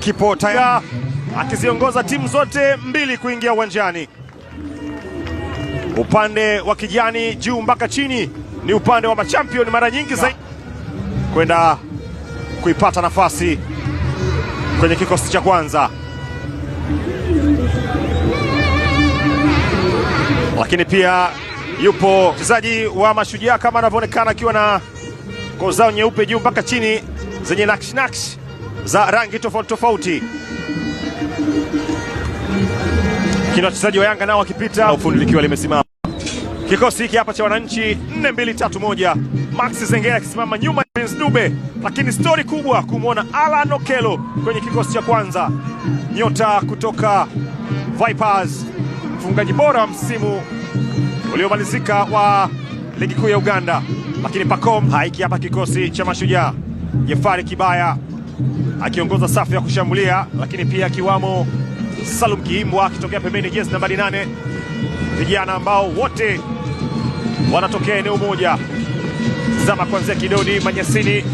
kipo tayari akiziongoza timu zote mbili kuingia uwanjani. Upande wa kijani juu mpaka chini ni upande wa machampion mara nyingi zaidi kwenda kuipata nafasi kwenye kikosi cha kwanza, lakini pia yupo mchezaji wa Mashujaa kama anavyoonekana akiwa na koo zao nyeupe juu mpaka chini zenye nakshi nakshi za rangi tofauti tofauti, kila wachezaji wa Yanga nao wakipita, ufundi likiwa limesimama. Kikosi hiki hapa cha wananchi 4231 Max Zengera akisimama nyuma ya Prince Dube, lakini stori kubwa kumwona Alan Okelo kwenye kikosi cha kwanza, nyota kutoka Vipers, mfungaji bora wa msimu uliomalizika wa ligi kuu ya Uganda. Lakini Pacome, haiki hapa kikosi cha Mashujaa, Jefari Kibaya akiongoza safu ya kushambulia, lakini pia akiwamo Salum Kiimbwa akitokea pembeni, jezi nambari nane. Vijana ambao wote wanatokea eneo moja. zama, kuanzia kidoni Manyasini,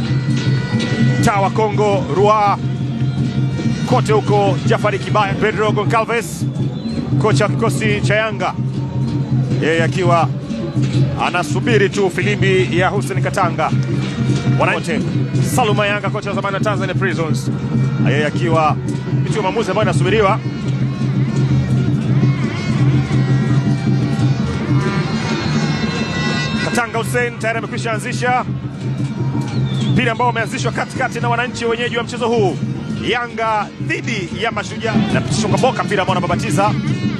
Tawa Kongo, Rua kote huko, Jafari Kibaya, Pedro Goncalves, kocha kikosi cha Yanga, yeye akiwa anasubiri tu filimbi ya Hussein Katanga. Wananchi Saluma Yanga, kocha wa zamani wa Tanzania Prisons, yeye akiwa pitia maamuzi ambayo inasubiriwa Katanga. Hussein tayari amekwisha anzisha mpira ambao umeanzishwa katikati na wananchi wenyeji wa mchezo huu, Yanga dhidi ya Mashujaa. Napitishwa kwa boka, mpira ambao anababatiza,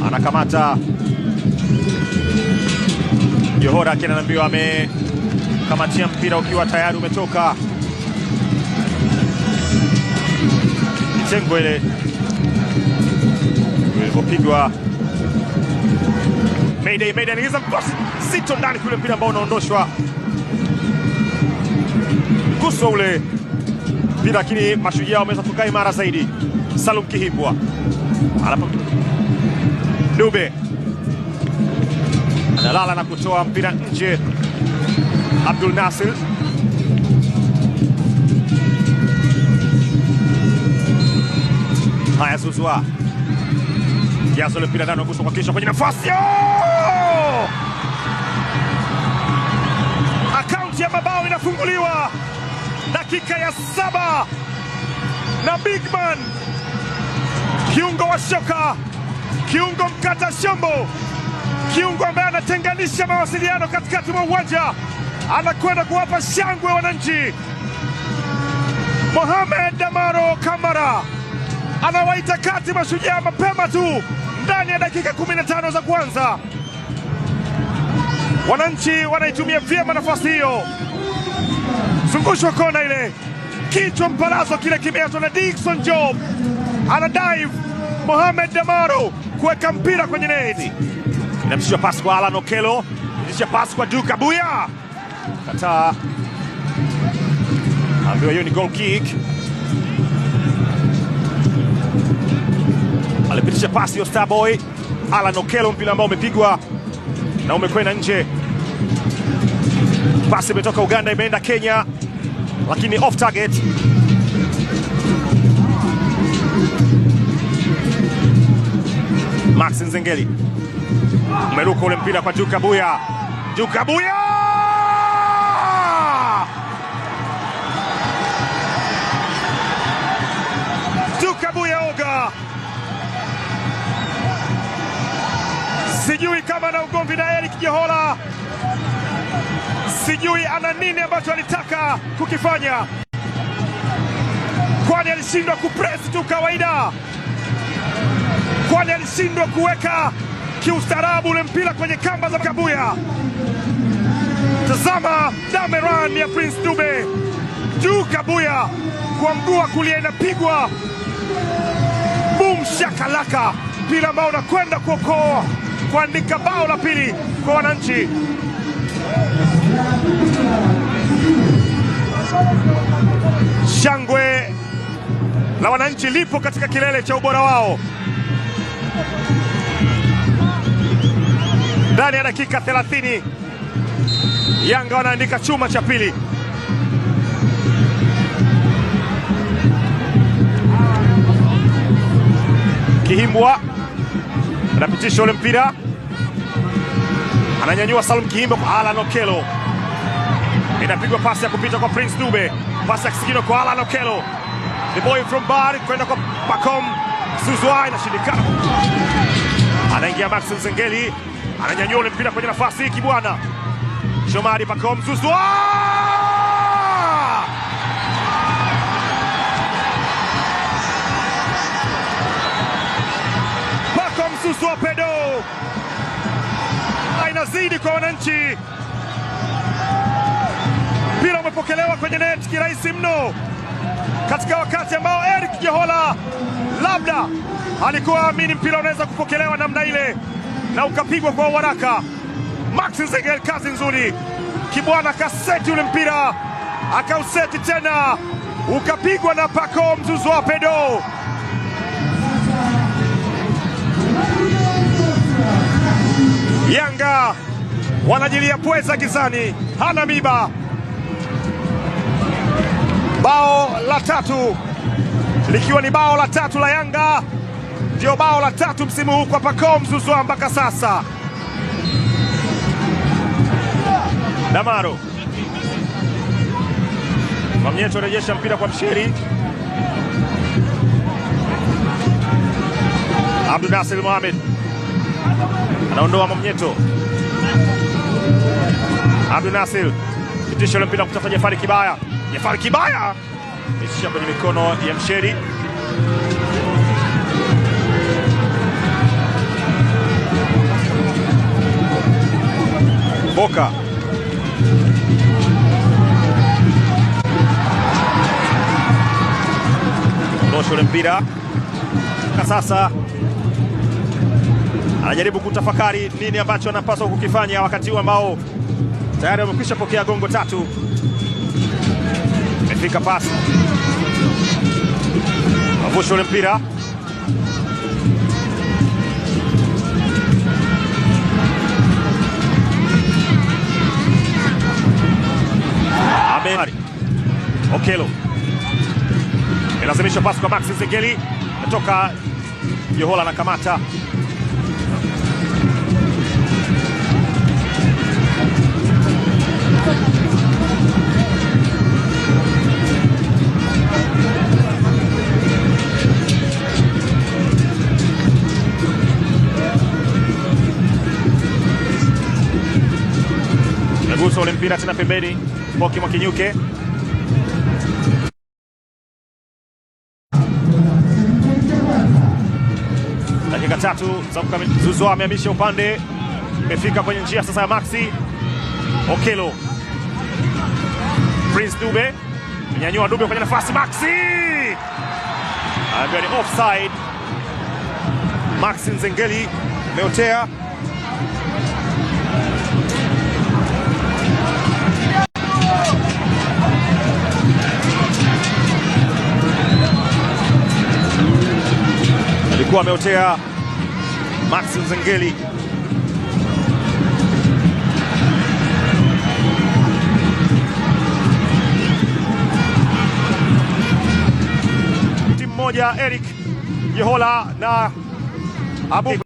anakamata Johora, akiwa anaambiwa ame Kamatia mpira ukiwa tayari umetoka mitengo ile ilivyopigwa. Mayday, Mayday anaingiza mkosi sito ndani kule, mpira ambao unaondoshwa guso ule mpira, lakini mashujaa wameweza kukaa imara zaidi. Salum Kihibwa anapo Dube analala na kutoa mpira nje. Abdul Nasir. Haya, Zuzwa jazo ile mpira ndani, wagusa kwa kisha kwenye nafasi, oh! akaunti ya mabao inafunguliwa dakika ya saba na Bigman, kiungo wa shoka, kiungo mkata shombo, kiungo ambaye anatenganisha mawasiliano katikati mwa uwanja anakwenda kuwapa shangwe wananchi. Mohamed Damaro Kamara anawaita kati mashujaa mapema tu ndani ya dakika 15 za kwanza. Wananchi wanaitumia vyema nafasi hiyo, zungushwa kona ile, kichwa mparazo kile kimeachwa na Dickson Job, ana dive Mohamed Damaro kuweka mpira kwenye neti, inapitishwa pasi kwa Alan Okelo, inapitisha pasi kwa Duka Buya kataa, ambiwa hiyo ni goal kick. Alipitisha pasi yo Starboy Alan Okelo, mpira ambao umepigwa na umekwenda nje. Pasi imetoka Uganda imeenda Kenya, lakini off target. Max Nzengeli umeruka ule mpira kwa Jukabuya, Buya! sijui kama na ugomvi na Eric Jehola, sijui ana nini ambacho alitaka kukifanya, kwani alishindwa kupresi tu kawaida, kwani alishindwa kuweka kiustaarabu ule mpira kwenye kamba za Kabuya. Tazama dameran ya Prince Dube juu, Kabuya kwa mguu wa kulia inapigwa bum shakalaka, mpira ambao unakwenda kuokoa kuandika bao la pili kwa wananchi. Shangwe la wananchi lipo katika kilele cha ubora wao ndani ya dakika 30 Yanga wanaandika chuma cha pili. Kihimbwa anapitisha ule mpira ananyanyua Salum kihimbo kwa Alan Okelo, inapigwa pasi ya kupita kwa Prince Dube, pasi ya kisigino kwa Alan Okelo, the boy from bar kwenda kwa Pacom Suzwa, inashindikana. Anaingia Maxi Nzengeli, ananyanyua ule mpira kwenye nafasi hiki Shomari Pacom suzwa pakom Zuzwa pedo inazidi kwa wananchi. Mpira umepokelewa kwenye neti kirahisi mno, katika wakati ambao Eric Jehola labda alikuwa amini mpira unaweza kupokelewa namna ile na ukapigwa kwa uharaka. Max Nzengeli, kazi nzuri Kibwana, kaseti ule mpira akauseti tena ukapigwa na Pacome Zouzoua Pedro. wanajilia pweza gizani. Hana miba bao la tatu likiwa ni bao la tatu la Yanga, ndio bao la tatu msimu huu kwa Pacome Zouzoua mpaka sasa. Damaro mamnyeto rejesha mpira kwa Mshiri. Abdul Nasir Mohamed anaondoa mamnyeto Abdu Nasir pitisho la mpira kutoka Jafari Kibaya. Jafari Kibaya imeishia kwenye mikono ya msheri Boka ondosha ule mpira ka sasa anajaribu kutafakari nini ambacho anapaswa kukifanya wakati huu ambao tayari wamekwisha pokea gongo tatu. Imefika pasi, mavusho ule mpira Okelo ilazimisha pasi kwa Maxi Zegeli, natoka Johola na kamata ule mpira tena pembeni, Moki Mwakinyuke dakika tatu za Zouzoua amehamisha upande, imefika kwenye njia sasa ya Maxi Okelo. Prince Dube menyanyua Dube kwenye nafasi, Maxi ambiwa ni offside. Maxi Nzengeli meotea alikuwa ameotea Max Nzengeli. Timu moja Eric jehola na Abu